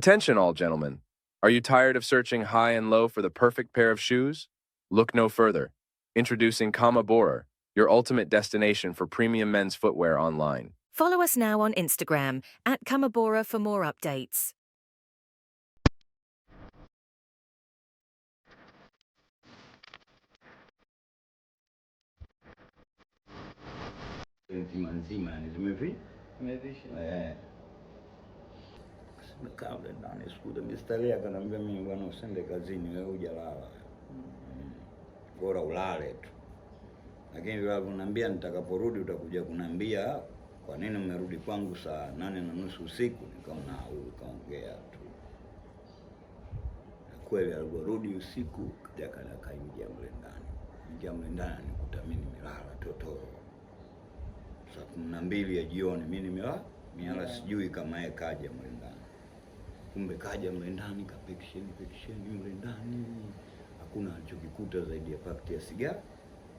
Attention, all gentlemen. Are you tired of searching high and low for the perfect pair of shoes? Look no further. Introducing Kama Borer, your ultimate destination for premium men's footwear online. Follow us now on Instagram at Kamabora for more updates. Kabla ndani siku mistari akanambia, mimi bwana, usende kazini wewe, hujalala bora ulale tu, lakini nitakaporudi utakuja kwa nini umerudi kwangu saa nane na nusu usiku. Nikaona huyu kaongea tu kweli, usiku mle ndani, ingia mle ndani mimi nimelala totoro, saa kumi na mbili ya jioni mi nimelala miala, sijui kama yeye kaja mle ndani kumbe kaja mle ndani kapekisheni pekisheni mle ndani, hakuna alichokikuta zaidi ya pakti ya sigara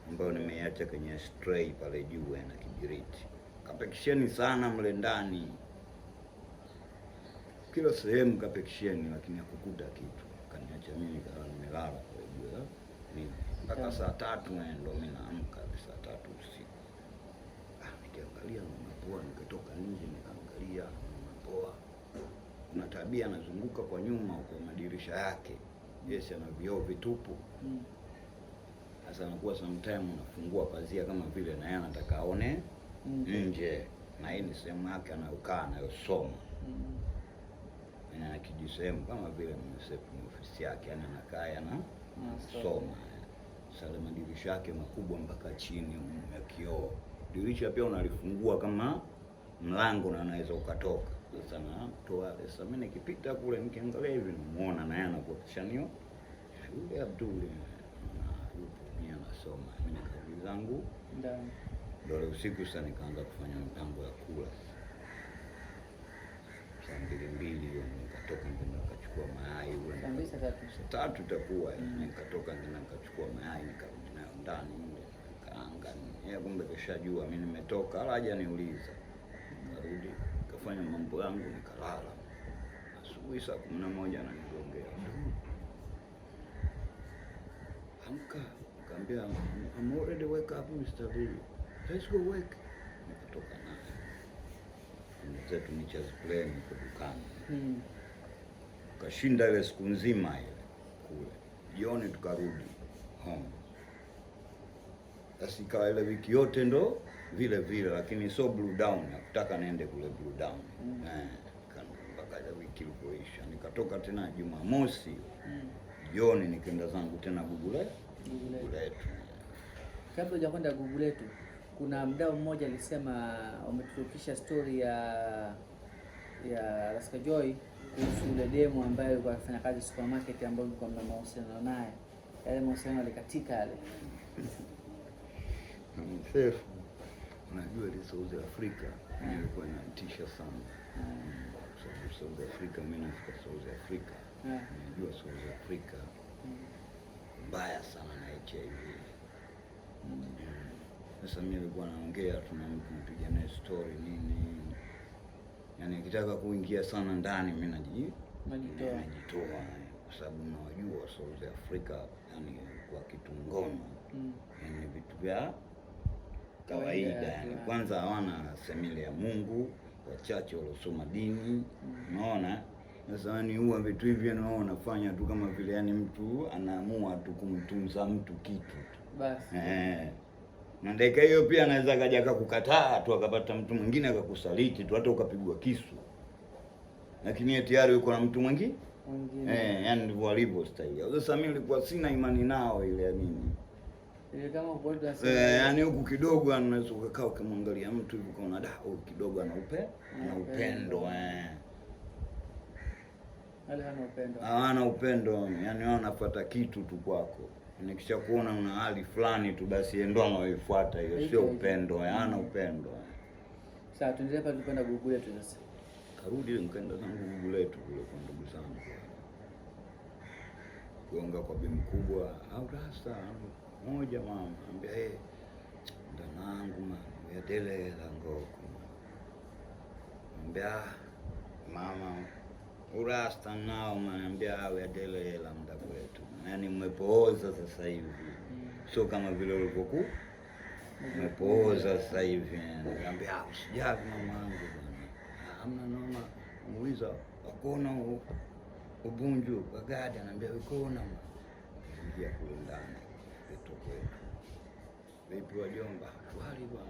ambayo nimeacha kwenye stray pale juu na kibiriti. Kapekisheni sana mle ndani, kila sehemu kapekisheni, lakini hakukuta kitu. Kaniacha mimi kaa nimelala pale juu mimi mpaka saa tatu ndo mimi naamka saa tatu usiku. Ah, nikiangalia napoa, nikatoka nje nikaangalia kuna tabia anazunguka kwa nyuma kwa madirisha yake, yes, ana vioo vitupu. Mm. Sasa anakuwa sometime unafungua pazia kama vile na yeye anataka aone mm. nje, na hii ni sehemu yake anayokaa anayosoma mm. na kijisehemu kama vile ni ofisi yake, yani anakaa soma Sasa madirisha yake makubwa mpaka chini ya kioo, dirisha pia unalifungua kama mlango na anaweza ukatoka. Sasa na mtu wale, sasa mimi nikipita kule nikiangalia hivi namuona naye anakuapisha nio yule Abdul na anasoma, mimi nikauli zangu ndani dole usiku. Sasa nikaanza kufanya mpango ya kula saa mbili mbili hiyo nikatoka ndio nikachukua mayai ule tatu takuwa eh, nikatoka ndio nikachukua mayai nikarudi nayo ndani nikaanga, yeye kumbe keshajua mimi nimetoka, hala niuliza Narudi kafanya mambo yangu nikalala. Asubuhi saa kumi na moja ananigongea, amka. Nikaambia I'm already wake up Mr. Lili, let's go work. Nikatoka naye zetu ni chess plan kwa dukani hmm. Kashinda ile siku nzima ile kule, jioni tukarudi home. Sasa ikawa ile wiki yote ndo vile vile, lakini so Blue Down nakutaka niende kule Blue Down mm. Eh, mpaka wiki ilipoisha nikatoka tena Jumamosi mm. jioni mm. nikaenda zangu tena Gugule e- Guguletu. E- e Kabla hujakwenda Guguletu, kuna mdau mmoja alisema umetufikisha story ya ya Rasca Joy kuhusu yule demo ambaye alikuwa akifanya kazi supermarket, ambayo alikuwa na mahusiano naye, yale mahusiano alikatika yale Unajua ile South Africa ilikuwa inatisha sana kwa so, South Africa, mimi nafika South Africa, najua South Africa mm. mbaya sana na HIV. Sasa mimi nilikuwa naongea, tunapiga naye story nini, yaani nikitaka kuingia sana ndani mimi naji najitoa kwa sababu nawajua South Africa, yaani kwa kitu mm. yaani vitu vya kawaida yani, kwanza hawana semili ya Mungu, wachache waliosoma dini, unaona sasa ni huwa vitu hivi nao wanafanya tu kama vile yani mtu anaamua tu kumtunza mtu kitu basi eh. Na dakika hiyo pia anaweza kaja akakukataa tu akapata mtu mwingine akakusaliti tu hata ukapigwa kisu, lakini yeye tayari yuko na mtu mwingine mwingine, eh, yani ndivyo alivyo stahili. Sasa mimi nilikuwa sina imani nao ile ya nini Eh, yani huku kidogo anaweza ukakaa ukimwangalia mtu hivi ukaona da huyu kidogo ana upe ana eh. upendo hawana upendo, yani wao wanafuata kitu tu kwako. Nikisha kuona una hali fulani tu, basi ndoma waifuata hiyo, sio upendo, hawana eh, mm. upendo. Sasa tuendelee pale tukwenda gugu letu sasa. Karudi nikaenda zangu gugu letu kule kwa ndugu zangu kuonga kwa bimu kubwa au rasta mmoja mama, ambia hey, ndanangu mama adelela ambia mama urasta nao manambia awe adelela mda kwetu, yaani mmepooza sasa hivi, mm. sio kama vile ulivyoku mmepooza sasa hivi. Ambia usijavi mamangu bwana, amna noma. Muuliza wakona ubunju wagadi, anaambia wikona. Ingia kule ndani Vipi wajomba? Wali bwana.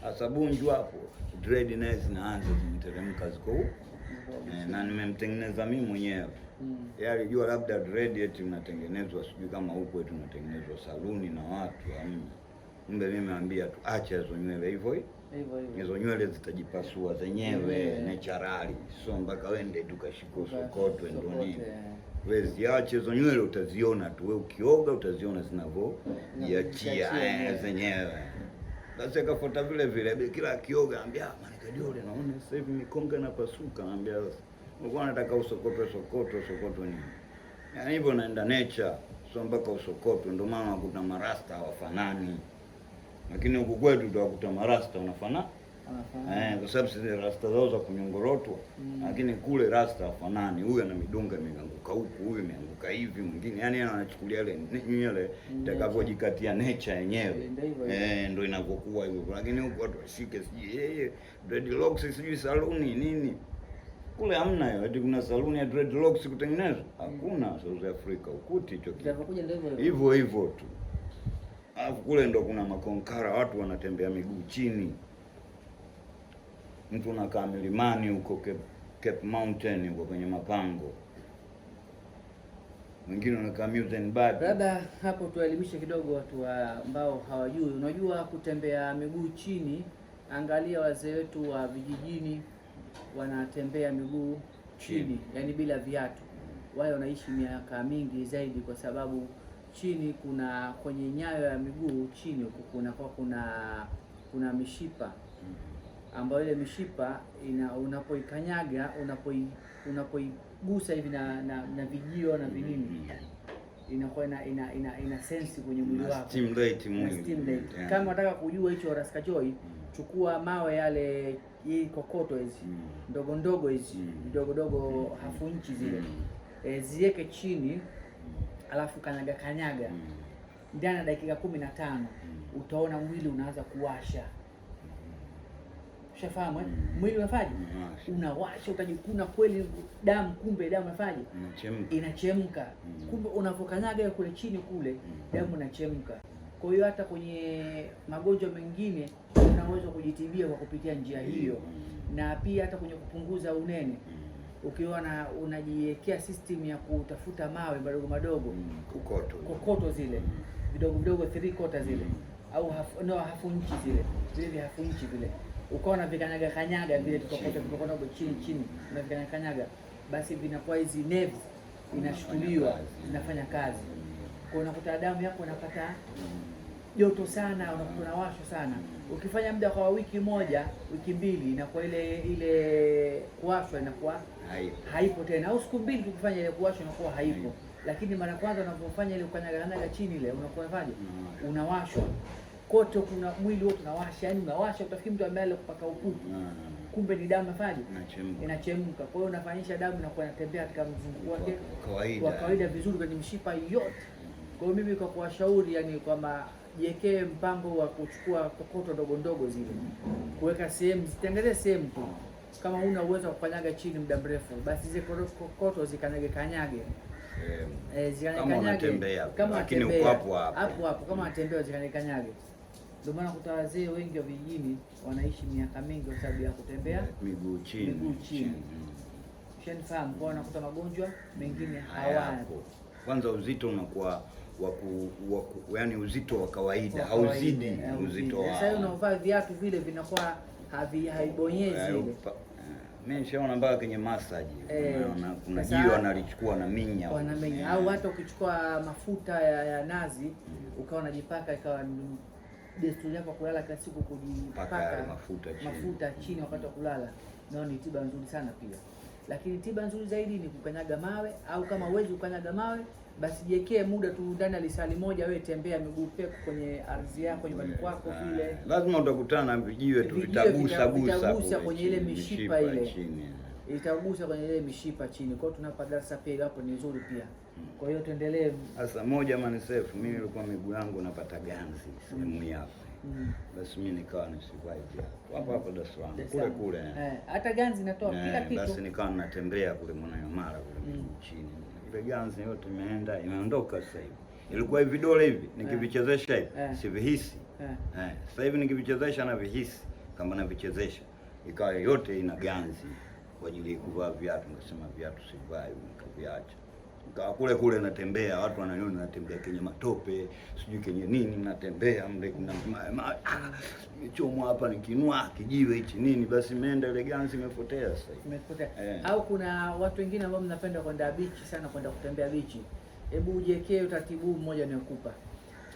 Sasa hapo dread naye zinaanza zimeteremka ziko huko. Mm. Eh, na nimemtengeneza mimi mwenyewe. Mm. Yeye alijua labda dread eti unatengenezwa sijui kama huko eti unatengenezwa saluni na watu amna. Mbe mimi naambia tu acha hizo nywele hivyo hivyo. Hizo nywele zitajipasua zenyewe naturally. Sio mpaka wende tukashiko sokotwe ndio nini wewe ziache hizo nywele, utaziona tu wewe ukioga, utaziona zinavyojiachia eh, zenyewe. Sasa ikafuata vile vile, kila akioga anambia ah, manikajole, naona sasa hivi mikonga napasuka, anambia ulikuwa nataka usokoto sokoto sokoto nini? Yani hivyo naenda nature, sio mpaka usokoto. Ndio maana unakuta marasta hawafanani, lakini huku kwetu utakuta marasta wanafanana. Eh, kwa sababu sisi rasta zao za kunyongorotwa mm. Lakini kule rasta afanani, huyu ana midunga imeanguka huku, huyu imeanguka hivi, mwingine yani anachukulia ile nywele mm. itakavyojikatia nature yenyewe eh, ndio inavyokuwa hivyo, lakini huku watu washike sijui yeye dreadlocks sijui saluni nini kule hamna hiyo, eti kuna saluni ya dreadlocks kutengenezwa? Mm. Hakuna South Africa, ukuti hicho hivyo hivyo tu, alafu kule ndo kuna makonkara, watu wanatembea miguu chini mtu unakaa milimani huko Cape, Cape Mountain huko kwenye mapango, mwingine unakaa mountain bike. Labda hapo tuwaelimishe kidogo watu ambao hawajui. Unajua kutembea miguu chini, angalia wazee wetu wa vijijini wanatembea miguu chini, yani bila viatu. Wao wanaishi miaka mingi zaidi, kwa sababu chini kuna kwenye nyayo ya miguu chini huko kuna kuna, kuna mishipa ambayo ile mishipa ina unapoikanyaga unapoigusa hivi na, na, na vijio na vinini inakuwa ina, ina, ina, ina sensi kwenye mwili wako stimulate mwili. Kama unataka kujua hicho raskajoi, chukua mawe yale hii kokoto hizi mm. ndogo ndogo hizi mm. ndogo mm. hafu inchi mm. zile e, eh, ziweke chini, alafu kanyaga kanyaga ndani ya dakika kumi na tano utaona mwili unaanza kuwasha. Ushafahamu eh? Mm. Mwili unafaje? Mm. Unawasha utajikuna kweli damu kumbe damu unafaje? Inachemka. Inachemka. Mm. Kumbe unavokanyaga kule chini kule mm. damu inachemka. Kwa hiyo hata kwenye magonjwa mengine unaweza kujitibia kwa kupitia njia hiyo. Mm. Na pia hata kwenye kupunguza unene. Mm. ukiona unajiwekea system ya kutafuta mawe madogo madogo, mm. kokoto. Kokoto zile. Mm. Vidogo vidogo three quarter zile. Mm. Au hafu, no, hafu nchi zile. Zile hafu nchi vile ukawa vikanyaga kanyaga vile tukapata tukapata kwa chini chini, vikanyaga kanyaga, basi vinakuwa hizi nerves inashutuliwa zinafanya kazi, kwa unakuta damu yako unapata joto sana, unakuta unawashwa sana. Ukifanya muda kwa wiki moja wiki mbili, inakuwa ile ile kuwashwa inakuwa haipo tena, au siku mbili tukifanya ile kuwashwa inakuwa haipo, lakini mara kwanza unapofanya ile kukanyaga kanyaga chini ile unakuwa mm-hmm. unawashwa kote kuna mwili wote yaani unawasha, yani unawasha, utafikiri mtu amelala kupaka ukuku, ah. kumbe ni damu nafaje, inachemka. Kwa hiyo unafanyisha damu inakuwa inatembea katika mzunguko wake kwa kawaida vizuri kwenye mshipa yote. Kwa hiyo mimi kwa kuwashauri yani kwamba jiwekee mpango wa kuchukua kokoto ndogo ndogo zile, kuweka sehemu, zitengeneze sehemu tu. Kama huna uwezo wa kukanyaga chini muda mrefu, basi zile kokoto zikanyage kanyage Eh, zikanyage kama unatembea lakini uko hapo hapo, kama unatembea zikanyage kanyage. Ndio maana kuta wazee wengi wa vijijini wanaishi miaka mingi kwa sababu ya kutembea miguu chini, miguu chini. Ushanifahamu? Kwa wanakuta magonjwa mengine mm. hayapo. Kwanza uzito unakuwa waku, waku, yani uzito wa kawaida hauzidi uzito wa sasa. Unaovaa viatu vile vinakuwa havi haibonyezi eh, ile eh, mimi nishaona mpaka kwenye massage eh, kuna jio analichukua na minya wanamenya, au hata ukichukua mafuta ya, ya nazi mm. ukawa unajipaka ikawa desturi yako kulala kila siku kujipaka mafuta chini, mafuta chini wakati wa kulala, nao ni tiba nzuri sana pia. Lakini tiba nzuri zaidi ni kukanyaga mawe, au kama uwezi kukanyaga mawe, basi jiwekee muda tu ndani ya lisali moja, wewe tembea miguu peku kwenye ardhi yako nyumbani kwako, ah. vile lazima utakutana na vijiwe tu vitagusa gusa kwenye ile mishipa ile, itagusa kwenye ile mishipa chini. Kwa hiyo tunapa darasa pia, hapo ni nzuri pia. Kwa hiyo tuendelee. Sasa moja manisefu, mimi nilikuwa miguu yangu napata ganzi sehemu hii hapa mm. Basi mimi nikawa ni survive hapo hapo Dar es Salaam kule kule, eh, hata ganzi inatoa eh, kila kitu. Basi nikawa natembea kule mara kule mm. chini, ile ganzi yote imeenda imeondoka sasa hivi. Ilikuwa hivi dole hivi eh. nikivichezesha hivi eh. sivihisi eh. eh. Sasa hivi nikivichezesha na vihisi kama navichezesha, ikawa yote ina ganzi kwa ajili ya kuvaa viatu, nikasema viatu sivai, nikaviacha kwa kule kule natembea, watu wananiona natembea kenye matope, sijui kenye nini, natembea mle kuna ah, nimechomwa hapa, nikinua kijiwe hichi nini, basi imeenda ile imepotea sasa imepotea eh. Au kuna watu wengine ambao mnapenda kwenda bichi sana, kwenda kutembea bichi, hebu ujekee utaratibu mmoja nikupa.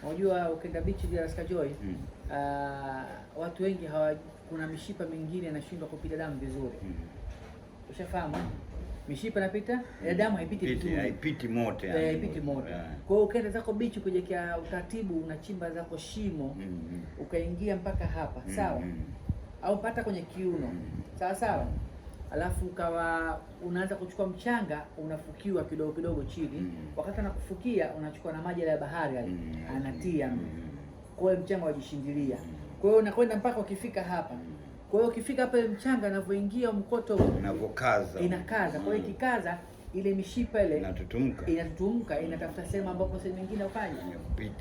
Unajua ukienda bichi bila skajoi mm. Uh, ah, watu wengi hawa, kuna mishipa mingine inashindwa kupita damu vizuri mm. Ushafahamu? mishipa napita ya eh, damu haipiti vizuri, haipiti mote, eh, haipiti mote. Kwa hiyo ukienda zako bichi kujikia utaratibu, unachimba zako shimo mm -hmm. ukaingia mpaka hapa mm -hmm. sawa, au pata kwenye kiuno mm -hmm. sawa sawa, alafu ukawa unaanza kuchukua mchanga unafukiwa kidogo kidogo chini mm -hmm. wakati anakufukia unachukua na maji ya bahari mm -hmm. anatia mm -hmm. kwa mchanga wajishindilia, mm-hmm. kwa hiyo unakwenda mpaka ukifika hapa mm-hmm. Kwa hiyo ukifika pale mchanga anavyoingia mkoto unavyokaza, inakaza. Kwa hiyo mm. ikikaza ile mishipa ile inatutumka, inatutumka, mm. inatafuta sehemu ambapo sehemu nyingine ufanye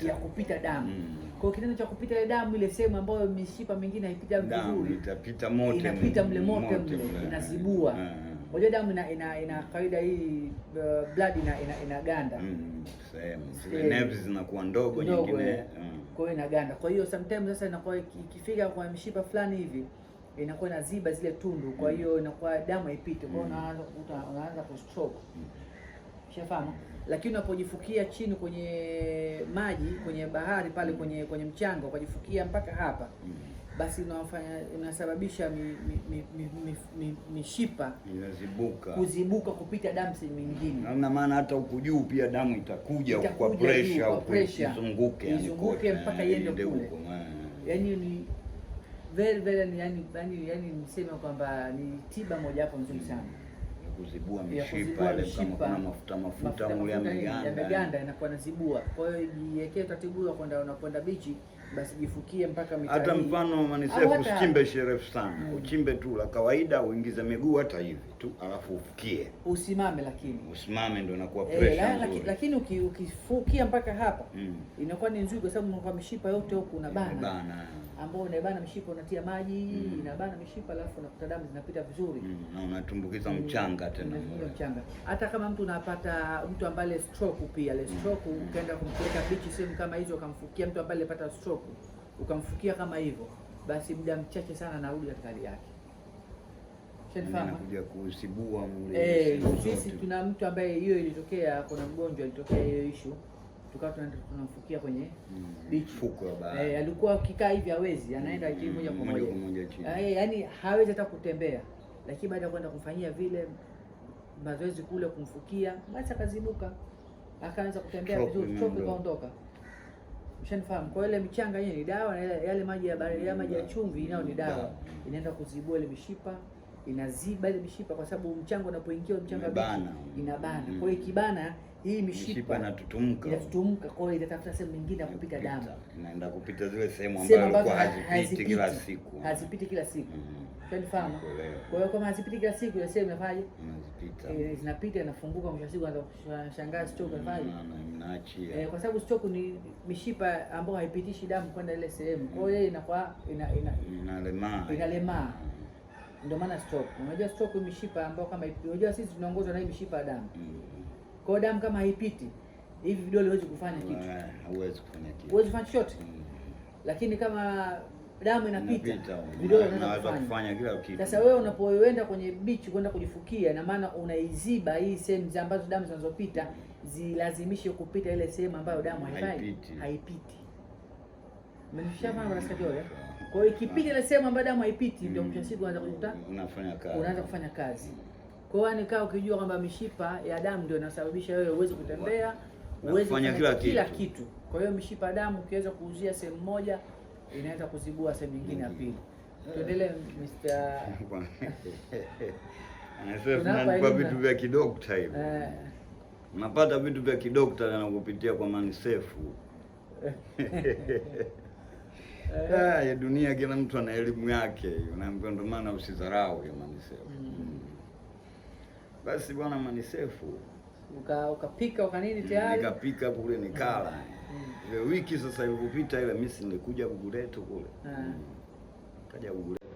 ya kupita damu mm. Kwa kitendo cha kupita ile damu ile sehemu ambayo mishipa mingine haipita vizuri itapita mote, inapita mle mote mle, inazibua. Mm. Unajua damu ina, ina, ina kawaida hii uh, blood ina, ina, ganda mm. Sehemu zile nerves zinakuwa ndogo, nyingine eh. kwa hiyo inaganda. Kwa hiyo sometimes sasa inakuwa ikifika kwa mishipa fulani hivi inakuwa inaziba zile tundu, kwa mm. hiyo inakuwa damu haipiti, kwa hiyo mm. unaanza kukuta unaanza stroke, mm. Ushafahamu? Lakini unapojifukia chini kwenye maji, kwenye bahari pale, kwenye kwenye mchanga, ukajifukia mpaka hapa, basi unafanya unasababisha mishipa inazibuka, kuzibuka, kupita damu sehemu nyingine. na maana hata huku juu pia damu itakuja kwa pressure, izunguke mpaka iende eh, kule, yaani ni very very yani yani yani niseme kwamba ni tiba moja hapo nzuri sana kuzibua mishipa ile, kama kuna mafuta mafuta mule yameganda inakuwa nazibua. Kwa hiyo jiwekee taratibu ya kwenda unakwenda bichi, basi jifukie mpaka mitali. Hata mfano manisef usichimbe sherefu sana mm. uchimbe tu la kawaida, uingize miguu hata hivi tu, alafu ufukie, usimame. Lakini usimame ndio inakuwa eh, pressure laki, lakini ukifukia mpaka hapa mm. inakuwa ni nzuri, kwa sababu mishipa yote huko unabana ambao unaibana mishipa unatia maji mm. inabana mishipa alafu unakuta damu zinapita vizuri mm. na unatumbukiza mchanga mm, tena mchanga. Hata kama mtu unapata mtu ambaye le stroke pia le mm. stroke mm. ukaenda kumpeleka bichi sehemu kama hizo ukamfukia mtu ambaye alipata stroke ukamfukia kama hivyo, basi muda mchache sana anarudi katika hali yake. Kuja kusibua Eh, sisi tuna mtu ambaye hiyo ilitokea, kuna mgonjwa alitokea hiyo issue tukawa tunamfukia kwenye mm, bichi eh, alikuwa akikaa hivi hawezi, anaenda mm, moja kwa moja ah, eh, yani hawezi hata kutembea, lakini baada ya kwenda kumfanyia vile mazoezi kule kumfukia, basi akazibuka akaanza kutembea vizuri, chope kaondoka. Ushanifahamu? Kwa ile michanga yenyewe ni dawa na yale maji ya bahari, maji ya mm. chumvi nayo ni dawa, mm. inaenda kuzibua ile mishipa inaziba ile mishipa, kwa sababu mchanga unapoingia mchanga bana inabana. Mm. Kwa hiyo ikibana hii mishipa inatutumka, inatutumka. Kwa hiyo itatafuta sehemu nyingine ya kupita damu, inaenda kupita zile sehemu ambazo hazipiti kila siku, hazipiti kila siku mm. Fahamu. Kwa hiyo kama hazipiti kila siku ile sehemu inafanyaje? Inazipita. Eh, zinapita inafunguka mwisho siku anashangaa stroke mm, inafanyaje? Inaachia. Eh, kwa sababu stroke ni mishipa ambayo haipitishi damu kwenda ile sehemu. Kwa hiyo inakuwa ina, ina, inalemaa. Inalemaa ndio maana stroke. Unajua stroke ni mishipa ambayo kama unajua sisi tunaongozwa na hii mishipa ya damu mm. Kwa damu kama haipiti hivi vidole huwezi kufanya kitu, huwezi kufanya kitu, huwezi kufanya chochote mm. Lakini kama damu inapita, vidole vinaweza kufanya kila kitu. Sasa wewe unapoenda kwenye beach kwenda kujifukia, na maana unaiziba hii sehemu ambazo damu zinazopita zilazimishe kupita ile sehemu ambayo damu haipiti, haipiti. Mmeshafanya rasikio sababu kwa hiyo ikipita ile sehemu ambayo damu haipiti ndio mwisho mm. siku unaanza kukuta unafanya kazi. Unaanza kufanya kazi. Kwa hiyo nikaa yaani ukijua kwamba mishipa ya damu ndio inasababisha wewe uweze kutembea, uweze kufanya kila, kila kitu. Kwa hiyo mishipa ya damu ukiweza kuuzia sehemu moja inaweza kuzibua sehemu nyingine ya pili. Tuendelee Mr. Anasema kwa vitu vya kidokta hivi. Eh. Unapata vitu vya kidokta na kupitia kwa manisefu. Eh. Ah, ya dunia kila mtu ana elimu yake, unaambiwa ndio maana usidharau ya Manisefu. Mm. mm. Basi bwana Manisefu uka ukapika uka nini mm, tayari nikapika kule nikala. mm. mm. Ile wiki sasa ilipopita ile mimi nilikuja Buguletu kule. Ah. mm. Kaja Buguletu